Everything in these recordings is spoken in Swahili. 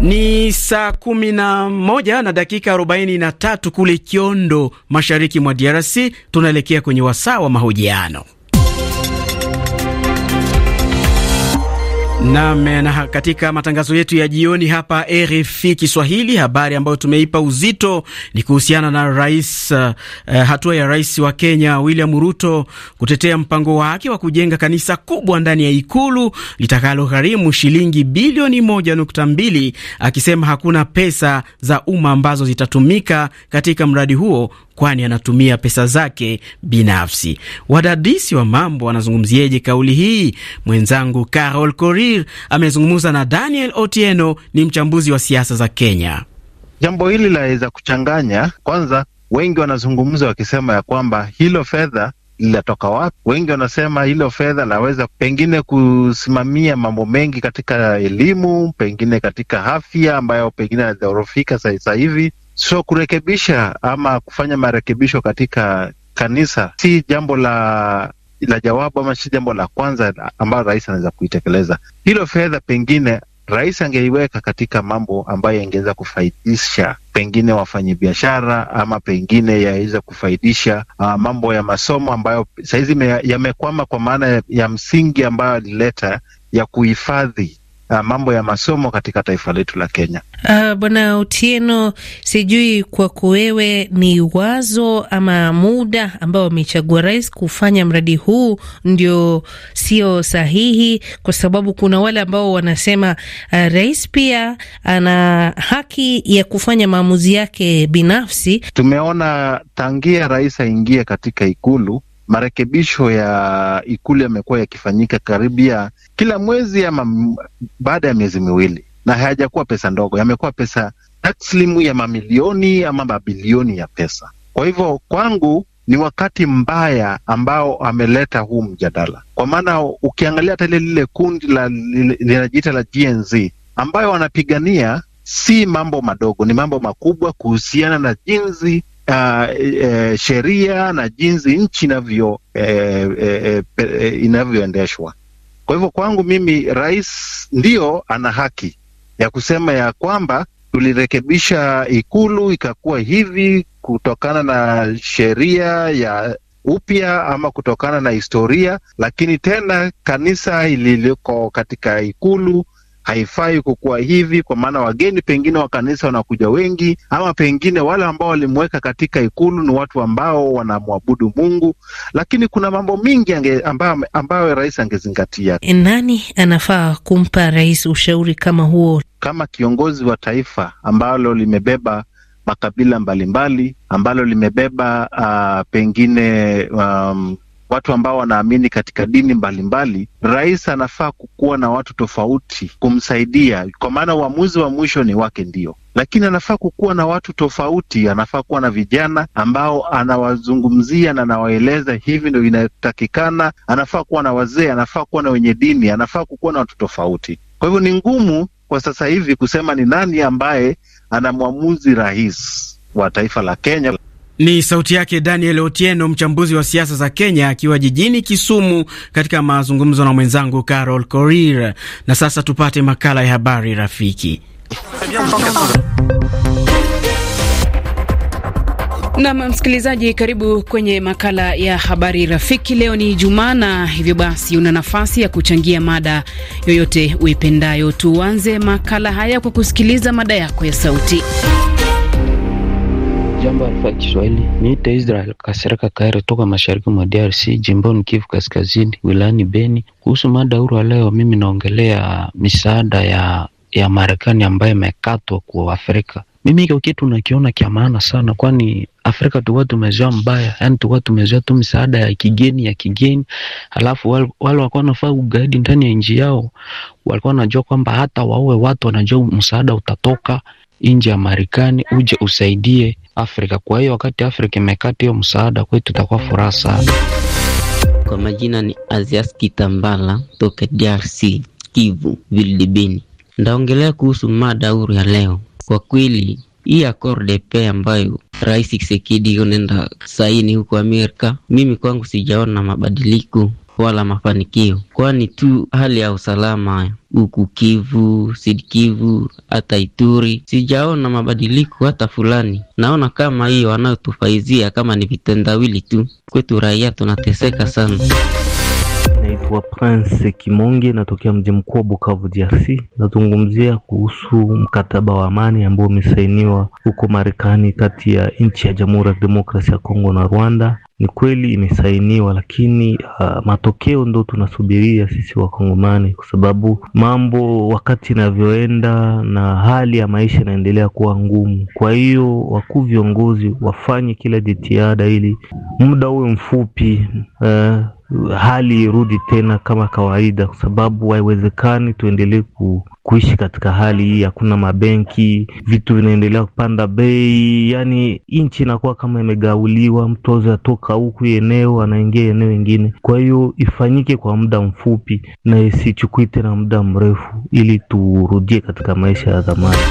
Ni saa kumi na moja na dakika arobaini na tatu kule Kiondo, mashariki mwa DRC. Tunaelekea kwenye wasaa wa mahojiano. Nam na katika matangazo yetu ya jioni hapa RFI Kiswahili, habari ambayo tumeipa uzito ni kuhusiana na rais uh, hatua ya rais wa Kenya William Ruto kutetea mpango wake wa kujenga kanisa kubwa ndani ya ikulu litakalogharimu shilingi bilioni moja nukta mbili akisema hakuna pesa za umma ambazo zitatumika katika mradi huo kwani anatumia pesa zake binafsi. Wadadisi wa mambo wanazungumzieje kauli hii? Mwenzangu Carol Korir Waziri amezungumza na Daniel Otieno, ni mchambuzi wa siasa za Kenya. Jambo hili laweza kuchanganya. Kwanza, wengi wanazungumza wakisema ya kwamba hilo fedha linatoka wapi? Wengi wanasema hilo fedha laweza pengine kusimamia mambo mengi katika elimu, pengine katika afya ambayo pengine anadhorofika sasa hivi. So kurekebisha ama kufanya marekebisho katika kanisa si jambo la la jawabu ama si jambo la kwanza ambayo rais anaweza kuitekeleza. Hilo fedha pengine rais angeiweka katika mambo ambayo yangeweza kufaidisha pengine wafanyabiashara ama pengine yaweza kufaidisha uh, mambo ya masomo ambayo sahizi yamekwama kwa maana ya msingi ambayo alileta ya kuhifadhi uh, mambo ya masomo katika taifa letu la Kenya. Uh, Bwana Otieno, sijui kwako wewe ni wazo ama muda ambao wamechagua rais kufanya mradi huu ndio sio sahihi, kwa sababu kuna wale ambao wanasema uh, rais pia ana haki ya kufanya maamuzi yake binafsi. Tumeona tangia rais aingie katika ikulu marekebisho ya Ikulu yamekuwa yakifanyika ya kila mwezi ama baada ya miezi miwili, na hayajakuwa pesa ndogo, yamekuwa pesa taslimu ya mamilioni ama mabilioni ya pesa. Kwa hivyo kwangu ni wakati mbaya ambao ameleta huu mjadala, kwa maana ukiangalia hata ile lile kundi linajiita la GNZ ambayo wanapigania si mambo madogo, ni mambo makubwa kuhusiana na jinsi uh, e, sheria na jinsi nchi inavyo e, e, inavyoendeshwa. Kwa hivyo kwangu mimi, rais ndio ana haki ya kusema ya kwamba tulirekebisha ikulu ikakuwa hivi kutokana na sheria ya upya ama kutokana na historia, lakini tena kanisa ililiko katika ikulu haifai kukuwa hivi, kwa maana wageni pengine wa kanisa wanakuja wengi, ama pengine wale ambao walimweka katika ikulu ni watu ambao wanamwabudu Mungu. Lakini kuna mambo mingi ambayo, ambayo rais angezingatia. E, nani anafaa kumpa rais ushauri kama huo? Kama kiongozi wa taifa ambalo limebeba makabila mbalimbali mbali, ambalo limebeba uh, pengine um, watu ambao wanaamini katika dini mbalimbali, rais anafaa kukuwa na watu tofauti kumsaidia, kwa maana uamuzi wa mwisho ni wake ndio, lakini anafaa kukuwa na watu tofauti. Anafaa kuwa na vijana ambao anawazungumzia na anawaeleza hivi ndio inayotakikana. Anafaa kuwa na wazee, anafaa kuwa na wenye dini, anafaa kukuwa na watu tofauti. Kwa hivyo ni ngumu kwa sasa hivi kusema ni nani ambaye ana mwamuzi rais wa taifa la Kenya. Ni sauti yake Daniel Otieno, mchambuzi wa siasa za Kenya, akiwa jijini Kisumu katika mazungumzo na mwenzangu Carol Korir. Na sasa tupate makala ya habari rafiki. Nam msikilizaji, karibu kwenye makala ya habari rafiki. Leo ni Ijumaa na hivyo basi una nafasi ya kuchangia mada yoyote uipendayo. Tuanze makala haya kwa kusikiliza mada yako ya sauti. Jambo alfa Kiswahili, niite Israel Kasereka Kaere toka mashariki mwa DRC jimboni Kivu Kaskazini wilayani Beni. Kuhusu mada huru leo, mimi naongelea misaada ya ya Marekani ambayo imekatwa kwa Afrika. Mimi hicho kitu nakiona kia maana sana, kwani Afrika tukuwa tumezoea mbaya, yani tukuwa tumezoea tu misaada ya kigeni ya kigeni, alafu wale walikuwa wanafaa ugaidi ndani ya nchi yao walikuwa wanajua kwamba hata waue watu wanajua msaada utatoka, nje ya Marekani uje usaidie Afrika. Kwa hiyo wakati Afrika imekata hiyo msaada kwetu, itakuwa furaha sana. Kwa majina ni Azias Kitambala toka DRC, Kivu Vildibini. Ndaongelea kuhusu mada huru ya leo. Kwa kweli hii akorde pe ambayo Rais Kisekedi nenda saini huko Amerika, mimi kwangu sijaona mabadiliko wala mafanikio, kwani tu hali ya usalama huku Kivu, sidkivu hata Ituri sijaona mabadiliko hata fulani. Naona kama hiyo wanayotufaizia kama ni vitendawili tu, kwetu raia tunateseka sana. Naitwa Prince Kimonge, natokea mji mkuu wa Bukavu, DRC. Nazungumzia kuhusu mkataba wa amani ambao umesainiwa huko Marekani kati ya nchi ya Jamhuri ya Demokrasia ya Kongo na Rwanda. Ni kweli imesainiwa, lakini uh, matokeo ndo tunasubiria sisi Wakongomani, kwa sababu mambo wakati inavyoenda na hali ya maisha inaendelea kuwa ngumu. Kwa hiyo wakuu viongozi wafanye kila jitihada ili muda uwe mfupi uh, hali irudi tena kama kawaida, kwa sababu haiwezekani tuendelee ku, kuishi katika hali hii. Hakuna mabenki, vitu vinaendelea kupanda bei, yani nchi inakuwa kama imegauliwa. Mtu aweze atoka huku eneo anaingia eneo ingine. Kwa hiyo ifanyike kwa muda mfupi na isichukui tena muda mrefu, ili turudie katika maisha ya zamani.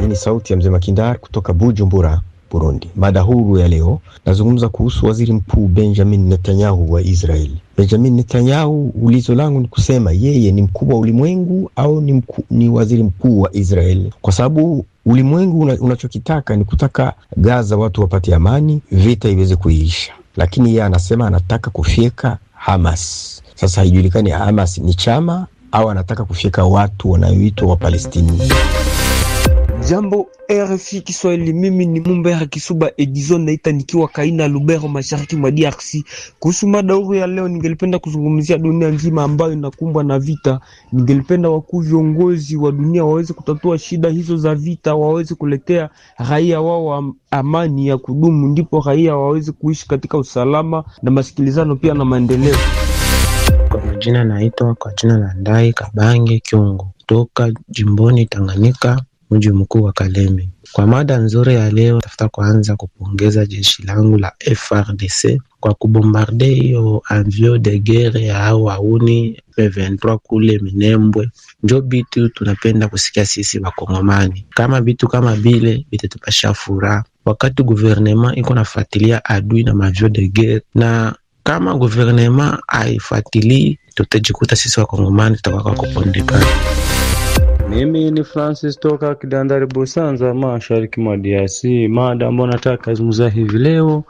Hii ni sauti ya mzee Makindar kutoka Bujumbura. Burundi. Mada huru ya leo nazungumza kuhusu waziri mkuu Benjamin Netanyahu wa Israeli. Benjamin Netanyahu, ulizo langu ni kusema yeye ni mkubwa wa ulimwengu au ni, mku, ni waziri mkuu wa Israeli kwa sababu ulimwengu una, unachokitaka ni kutaka Gaza watu wapate amani, vita iweze kuiisha, lakini yeye anasema anataka kufyeka Hamas. Sasa haijulikani Hamas ni chama au anataka kufyeka watu wanayoitwa wapalestini Jambo RFI Kiswahili, mimi ni Mumbera Kisuba Edison, naita nikiwa Kaina Lubero, mashariki mwa DRC. Kuhusu mada huru ya leo, ningelipenda kuzungumzia dunia nzima ambayo inakumbwa na vita. Ningelipenda wakuu viongozi wa dunia waweze kutatua shida hizo za vita, waweze kuletea raia wao amani ya kudumu, ndipo raia waweze kuishi katika usalama na masikilizano pia na maendeleo. Kwa majina naitwa kwa jina la Ndai Kabange Kyungu toka jimboni Tanganyika mji mkuu wa Kalemi. Kwa mada nzuri ya leo, tafuta kuanza kupongeza jeshi langu la FRDC kwa kubombarde hiyo avio de guerre ya hao wauni M23 kule Minembwe. Njo bitu tunapenda kusikia sisi Wakongomani, kama vitu kama vile vitatupasha furaha, wakati guvernema iko nafuatilia adui na mavio de guerre, na kama guvernema haifuatilii, tutajikuta sisi Wakongomani tutakuwa kupondekana. Mimi ni Francis toka Kidandari Busanza, mashariki mwa DRC. Mada ambayo nataka kuzungumza hivi leo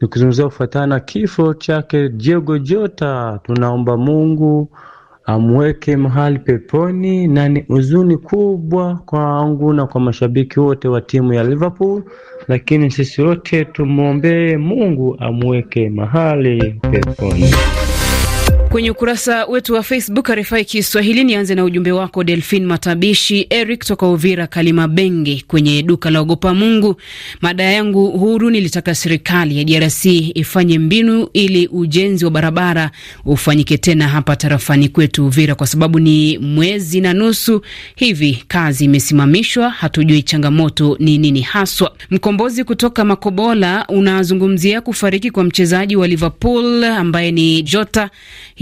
ni kuzungumzia kufuatana na kifo chake Diego Jota. Tunaomba Mungu amweke mahali peponi, na ni huzuni kubwa kwangu na kwa mashabiki wote wa timu ya Liverpool, lakini sisi wote tumwombee Mungu amweke mahali peponi. Kwenye ukurasa wetu wa Facebook RFI Kiswahili, nianze na ujumbe wako Delfin Matabishi Eric toka Uvira Kalimabenge, kwenye duka la ogopa Mungu. Mada yangu huru nilitaka serikali ya DRC ifanye mbinu ili ujenzi wa barabara ufanyike tena hapa tarafani kwetu Uvira, kwa sababu ni mwezi na nusu hivi kazi imesimamishwa, hatujui changamoto ni nini haswa. Mkombozi kutoka Makobola unazungumzia kufariki kwa mchezaji wa Liverpool ambaye ni Jota.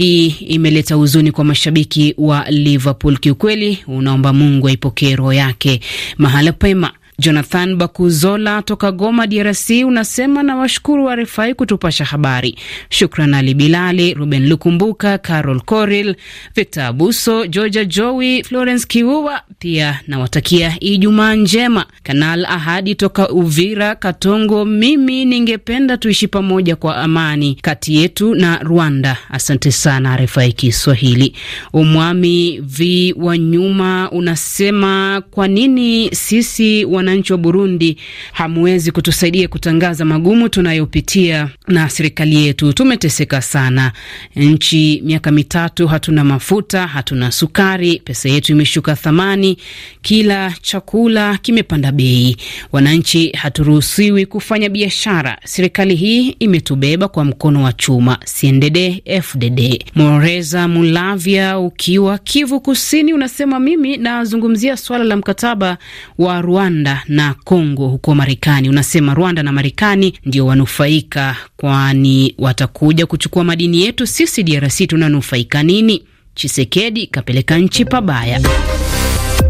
Hii imeleta huzuni kwa mashabiki wa Liverpool. Kiukweli unaomba Mungu aipokee roho yake mahala pema. Jonathan Bakuzola toka Goma, DRC, unasema na washukuru wa RFI kutupasha habari. Shukran Ali Bilali, Ruben Lukumbuka, Carol Coril, Victor Abuso, Georgia Jowi, Florence Kiua, pia nawatakia Ijumaa njema. Kanal Ahadi toka Uvira, Katongo, mimi ningependa tuishi pamoja kwa amani kati yetu na Rwanda. Asante sana RFI Kiswahili. Umwami V wa nyuma unasema kwa nini sisi wana wananchi wa Burundi, hamwezi kutusaidia kutangaza magumu tunayopitia na serikali yetu. Tumeteseka sana, nchi miaka mitatu, hatuna mafuta, hatuna sukari, pesa yetu imeshuka thamani, kila chakula kimepanda bei, wananchi haturuhusiwi kufanya biashara. Serikali hii imetubeba kwa mkono wa chuma. CNDD FDD. Moreza Mulavya ukiwa Kivu Kusini unasema mimi nazungumzia swala la mkataba wa Rwanda na Kongo huko Marekani. Unasema Rwanda na Marekani ndio wanufaika, kwani watakuja kuchukua madini yetu. Sisi DRC tunanufaika nini? Chisekedi kapeleka nchi pabaya.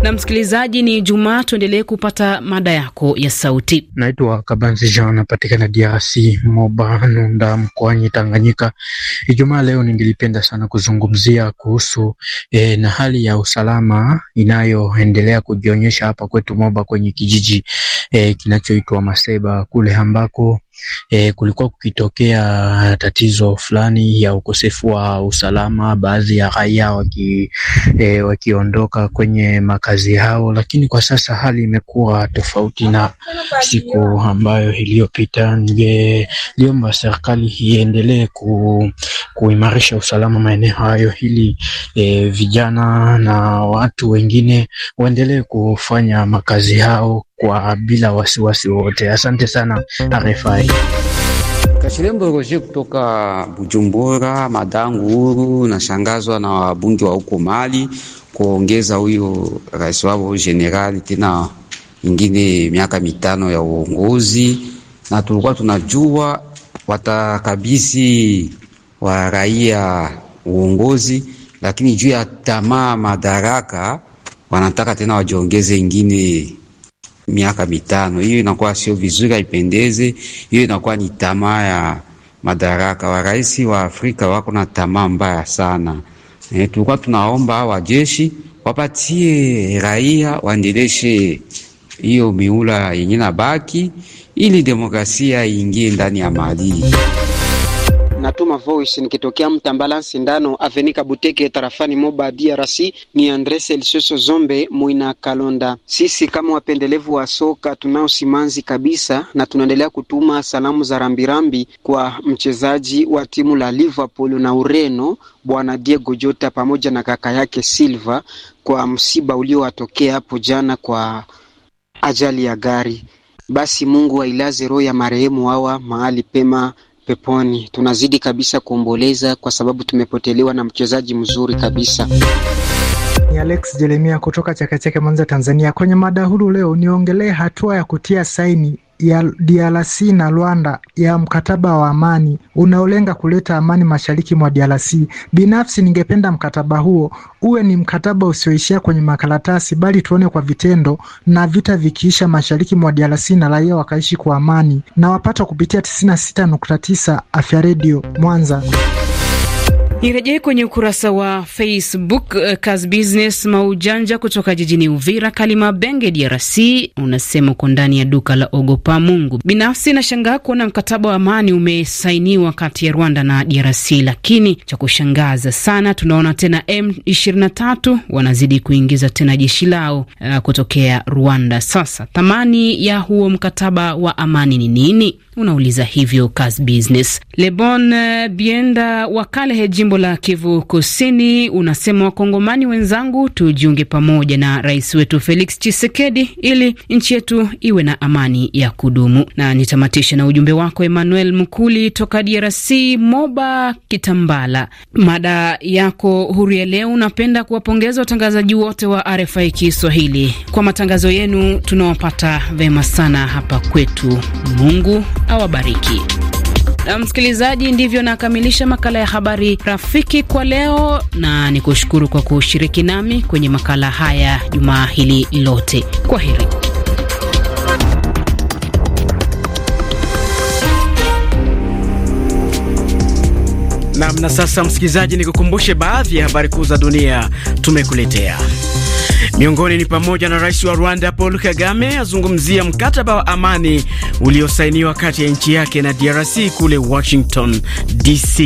Na msikilizaji, ni Jumaa, tuendelee kupata mada yako ya sauti. Naitwa Kabanzi Jean, napatikana DRC Moba Nunda mkoani Tanganyika. Ijumaa leo ningelipenda sana kuzungumzia kuhusu eh, na hali ya usalama inayoendelea kujionyesha hapa kwetu Moba kwenye kijiji eh, kinachoitwa Maseba kule ambako e, kulikuwa kukitokea tatizo fulani ya ukosefu wa usalama, baadhi ya raia waki, e, wakiondoka kwenye makazi yao, lakini kwa sasa hali imekuwa tofauti na siku ambayo iliyopita. Ningeliomba serikali iendelee ku, kuimarisha usalama maeneo hayo ili e, vijana na watu wengine waendelee kufanya makazi yao kwa bila wasiwasi wowote. Asante sana RFI. Kashirembo Roje kutoka Bujumbura, madangu huru. Nashangazwa na wabunge wa huko Mali kuongeza huyo rais wao jenerali tena ingine miaka mitano ya uongozi, na tulikuwa tunajua watakabisi wa raia uongozi, lakini juu ya tamaa madaraka wanataka tena wajiongeze ingine miaka mitano. Hiyo inakuwa sio vizuri, haipendeze. Hiyo inakuwa ni tamaa ya madaraka. rais wa Afrika wako na tamaa mbaya sana. E, tulikuwa tunaomba wajeshi wapatie raia waendeleshe hiyo miula yenye na baki ili demokrasia iingie ndani ya Mali. Natuma voice nikitokea Mtambala Sindano Avenika Buteke tarafani Moba DRC. Ni Andres Elsoso Zombe Muina Kalonda. Sisi kama wapendelevu wa soka tunao simanzi kabisa, na tunaendelea kutuma salamu za rambirambi kwa mchezaji wa timu la Liverpool na Ureno Bwana Diego Jota pamoja na kaka yake Silva kwa msiba uliowatokea hapo jana kwa ajali ya gari. Basi Mungu ailaze roho ya marehemu hawa mahali pema peponi. Tunazidi kabisa kuomboleza kwa sababu tumepotelewa na mchezaji mzuri kabisa. Ni Alex Jeremia kutoka Chakecheke, Mwanza, Tanzania. Kwenye mada huru leo niongelee hatua ya kutia saini ya DRC na Rwanda ya mkataba wa amani unaolenga kuleta amani mashariki mwa DRC. Binafsi ningependa mkataba huo uwe ni mkataba usioishia kwenye makaratasi, bali tuone kwa vitendo, na vita vikiisha mashariki mwa DRC na raia wakaishi kwa amani. Na wapata kupitia 96.9 Afya Radio Mwanza. Nirejee kwenye ukurasa wa Facebook uh, eh, Kaz Business Maujanja kutoka jijini Uvira, Kalima Benge, DRC, unasema uko ndani ya duka la ogopa Mungu. Binafsi nashangaa kuona mkataba wa amani umesainiwa kati ya Rwanda na DRC, lakini cha kushangaza sana tunaona tena M23 wanazidi kuingiza tena jeshi lao uh, kutokea Rwanda. Sasa thamani ya huo mkataba wa amani ni nini? Unauliza hivyo Kaz Business. Lebon uh, Bienda wakale hejim jimbo la Kivu Kusini unasema wakongomani wenzangu, tujiunge pamoja na rais wetu Felix chisekedi ili nchi yetu iwe na amani ya kudumu. Na nitamatisha na ujumbe wako Emmanuel Mkuli toka DRC, Moba Kitambala. Mada yako huru ya leo, unapenda kuwapongeza watangazaji wote wa RFI Kiswahili kwa matangazo yenu, tunawapata vema sana hapa kwetu. Mungu awabariki. Na msikilizaji, ndivyo nakamilisha makala ya habari rafiki kwa leo, na ni kushukuru kwa kushiriki nami kwenye makala haya jumaa hili lote. Kwa heri. Nam, na sasa msikilizaji, kukumbushe baadhi ya habari kuu za dunia tumekuletea. Miongoni ni pamoja na rais wa Rwanda Paul Kagame azungumzia mkataba wa amani uliosainiwa kati ya nchi yake na DRC kule Washington DC.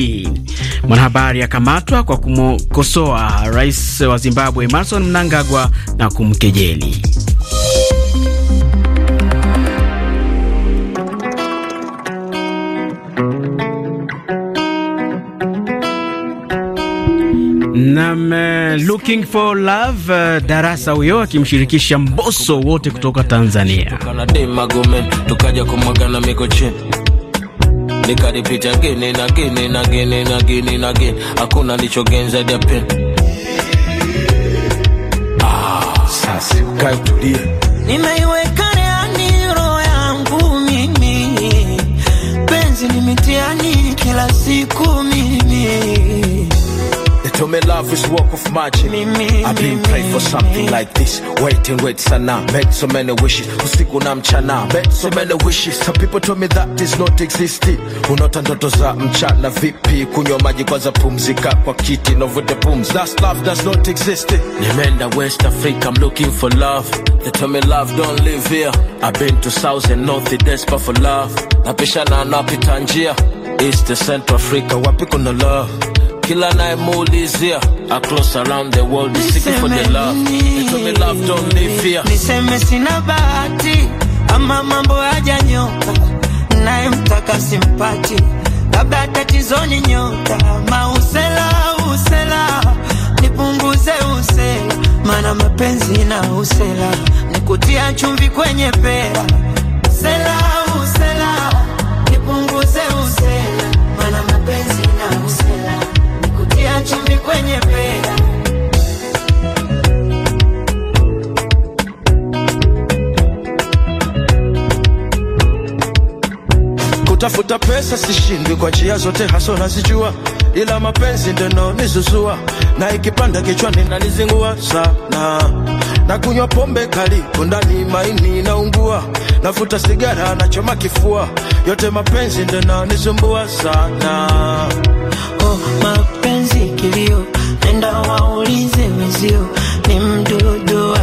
Mwanahabari akamatwa kwa kumkosoa rais wa Zimbabwe Emmerson Mnangagwa na kumkejeli. Nam eh, looking for love eh, Darasa huyo akimshirikisha mboso wote kutoka Tanzania. Nimeiweka ndani roho yangu mimi, penzi ni kila siku mimi To me, love is work of magic. I've been praying for something like this. Wait and wait sana. Made so many wishes. Usiku na mchana. Made so many wishes. Some people told me that is not existing. Unaota ndoto za mchana vipi? Kunywa maji kwanza, pumzika kwa kiti na vuta pumzi. That's love that's not existing. Nimeenda West Africa, I'm looking for love. They tell me love don't live here. I've been to South and North, they desperate for love. Napishana napita njia. East to Central Africa, wapi kuna love? kila nayemuulizia across around the world is seeking for the love me love don't live fear Niseme sina bahati ama mambo hajanyoka, mtaka simpati, labda tatizo ni nyota mausela usela nipunguze usela, mana mapenzi na usela nikutia chumvi kwenye pera usela wenye pesa kutafuta pesa sishindwi kwa njia zote haso nazijua ila mapenzi ndeno nizuzua na ikipanda kichwani nalizingua sana na kunywa pombe kali kundani maini naungua nafuta sigara nachoma kifua yote mapenzi ndeno nizumbua sana oh, my mbio, nenda waulize wezio ni mdudu wa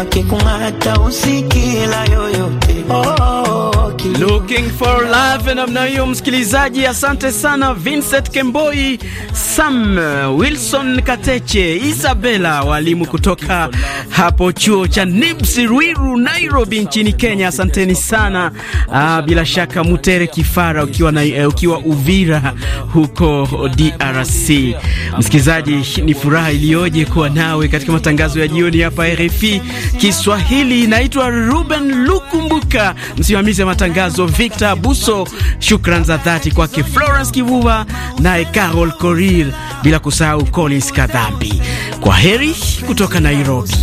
akikung'ata usikila yoyote oh, oh. oh looking, for love. Namna hiyo, msikilizaji, asante sana Vincent Kemboi, Sam Wilson Kateche, Isabella, walimu kutoka hapo chuo cha Nibs Ruiru, Nairobi nchini Kenya. Asanteni sana. Ah, bila shaka Mutere Kifara ukiwa, na, uh, ukiwa Uvira huko DRC. Msikilizaji, ni furaha iliyoje kuwa nawe katika matangazo ya jioni hapa RFI Kiswahili. Naitwa Ruben Lukumbuka, msimamizi wa matangazo matangazo Victor Buso, shukran za dhati kwake Florence Kivuva naye Carol Korir, bila kusahau Collins Kadhambi. Kwa heri kutoka Nairobi.